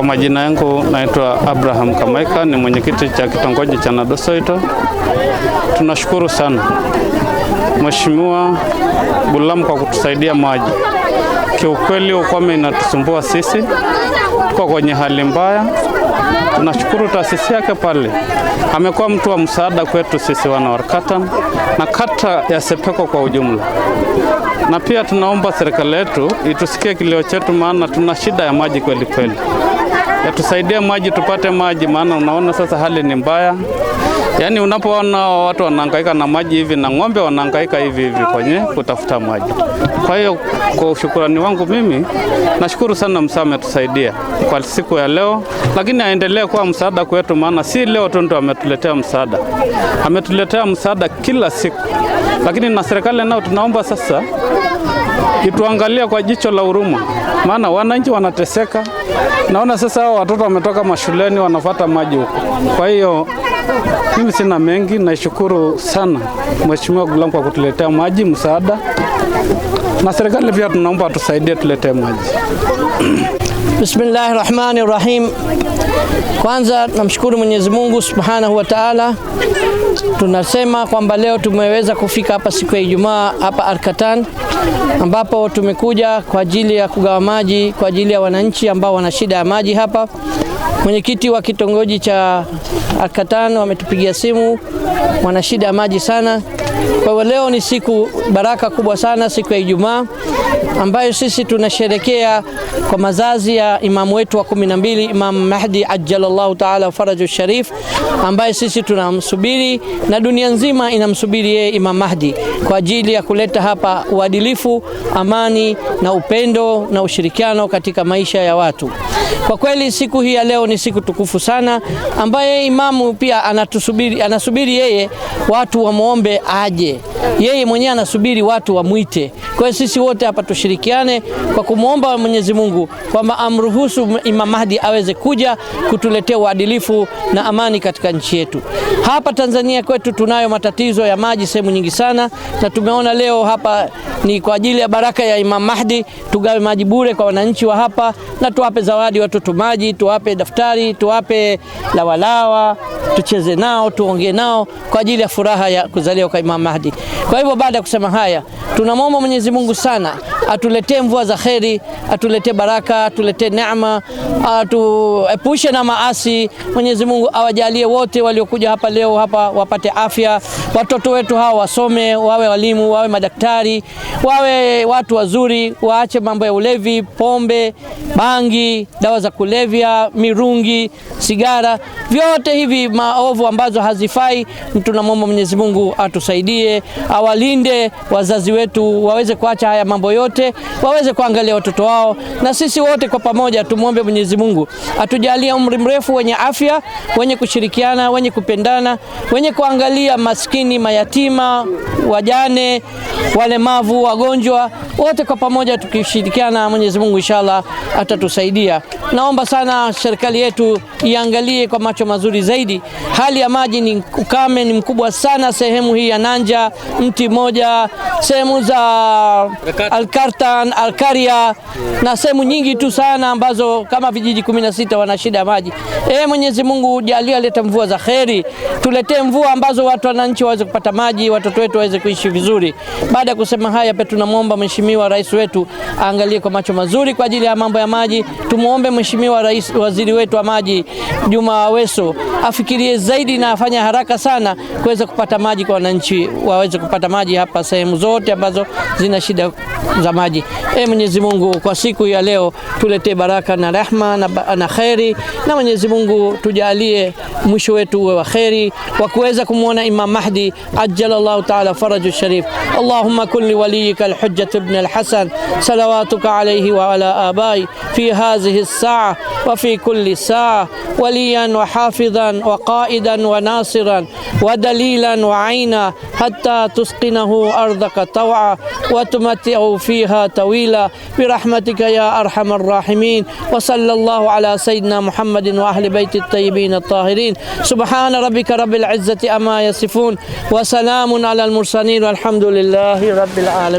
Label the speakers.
Speaker 1: Kwa majina yangu naitwa Abraham Kamaika, ni mwenyekiti cha kitongoji cha Nadosoito. Tunashukuru sana Mheshimiwa Bulam kwa kutusaidia maji. Kiukweli ukame inatusumbua sisi, tuko kwenye hali mbaya. Tunashukuru taasisi yake pale, amekuwa mtu wa msaada kwetu sisi wana Warakata na kata ya Sepeko kwa ujumla, na pia tunaomba serikali yetu itusikie kilio chetu, maana tuna shida ya maji kweli kweli yatusaidie maji, tupate maji, maana unaona sasa hali ni mbaya. Yaani unapoona watu wanahangaika na maji hivi na ng'ombe wanahangaika hivi hivi kwenye kutafuta maji. Kwa hiyo kwa shukurani wangu mimi nashukuru sana Msaa ametusaidia kwa siku ya leo, lakini aendelee kuwa msaada kwetu, maana si leo tu ndo ametuletea msaada, ametuletea msaada kila siku, lakini na serikali nao tunaomba sasa ituangalia kwa jicho la huruma, maana wananchi wanateseka. Naona sasa hao watoto wametoka mashuleni wanafata maji huko, kwa hiyo mimi sina mengi, naishukuru sana Mheshimiwa Gulamu kwa kutuletea maji msaada, na serikali pia tunaomba tusaidie tuletee maji.
Speaker 2: Bismillahi rahmani rahim. Kwanza namshukuru Mwenyezi Mungu subhanahu wa taala, tunasema kwamba leo tumeweza kufika hapa siku ya Ijumaa hapa Arkatan, ambapo tumekuja kwa ajili ya kugawa maji kwa ajili ya wananchi ambao wana shida ya maji hapa Mwenyekiti wa kitongoji cha Akatano ametupigia simu wana shida ya maji sana. Kwa hiyo leo ni siku baraka kubwa sana, siku ya Ijumaa ambayo sisi tunasherekea kwa mazazi ya imamu wetu wa kumi na mbili Imam Mahdi ajjalallahu taala faraju sharif, ambaye sisi tunamsubiri na dunia nzima inamsubiri yeye Imam Mahdi kwa ajili ya kuleta hapa uadilifu, amani na upendo na ushirikiano katika maisha ya watu. Kwa kweli siku hii ya leo ni siku tukufu sana, ambaye imamu pia anatusubiri, anasubiri yeye yeye watu wamwombe aje, yeye mwenyewe anasubiri watu wamwite. Kwa hiyo sisi wote hapa tushirikiane kwa kumwomba Mwenyezi Mungu kwamba amruhusu Imam Mahdi aweze kuja kutuletea uadilifu na amani katika nchi yetu. Hapa Tanzania kwetu tunayo matatizo ya maji sehemu nyingi sana, na tumeona leo hapa ni kwa ajili ya baraka ya Imam Mahdi, tugawe maji bure kwa wananchi wa hapa, na tuwape zawadi watoto maji, tuwape daftari, tuwape lawalawa, tucheze nao, tuongee nao, kwa ajili ya furaha ya kuzaliwa kwa Imam Mahdi. Kwa hivyo baada ya kusema haya, tunamwomba Mwenyezi Mungu sana atuletee mvua za kheri, atuletee baraka, atuletee neema, atuepushe na maasi. Mwenyezi Mungu awajalie wote waliokuja hapa leo hapa wapate afya, watoto wetu hawa wasome, wawe walimu, wawe madaktari, wawe watu wazuri, waache mambo ya ulevi, pombe, bangi, dawa za kulevya, mirungi, sigara, vyote hivi maovu ambazo hazifai. Tunamwomba Mwenyezi Mungu atusaidie, awalinde wazazi wetu waweze kuacha haya mambo yote wote waweze kuangalia watoto wao, na sisi wote kwa pamoja tumwombe Mwenyezi Mungu atujalie umri mrefu wenye afya, wenye kushirikiana, wenye kupendana, wenye kuangalia maskini, mayatima, wajane, walemavu, wagonjwa, wote kwa pamoja tukishirikiana, Mwenyezi Mungu inshallah atatusaidia. Naomba sana serikali yetu iangalie kwa macho mazuri zaidi. Hali ya maji ni ukame ni mkubwa sana sehemu hii ya Nanja, mti moja, sehemu za Kartan, Alkaria na sehemu nyingi tu sana ambazo kama vijiji 16 wana shida ya maji. E, Mwenyezi Mungu, jalia alete mvua za kheri, tuletee mvua ambazo watu wananchi waweze kupata maji, watoto wetu waweze kuishi vizuri. Baada ya kusema haya, pia tunamwomba Mheshimiwa Rais wetu aangalie kwa macho mazuri kwa ajili ya mambo ya maji. Tumwombe Mheshimiwa Rais, waziri wetu wa maji Juma Aweso afikirie zaidi na afanye haraka sana kuweza kupata maji kwa wananchi, waweze kupata maji hapa sehemu zote ambazo zina shida za mtazamaji. E Mwenyezi Mungu, kwa siku ya leo tuletee baraka na rahma na, na kheri na Mwenyezi Mungu tujalie mwisho wetu uwe wa kheri wa kuweza kumwona Imam Mahdi ajjalallahu taala faraju sharif. Allahumma kulli waliyika alhujjat ibn alhasan salawatuka alayhi wa ala abai fi hadhihi saa wa fi kulli sa'a waliyan wa hafidhan wa qaidan wa nasiran ودليلا وعينا حتى تسقنه أرضك طوعا وتمتعه فيها طويلا برحمتك يا أرحم الراحمين وصلى الله على سيدنا محمد وأهل بيت الطيبين الطاهرين سبحان ربك رب العزة أما يصفون وسلام على المرسلين والحمد لله رب العالمين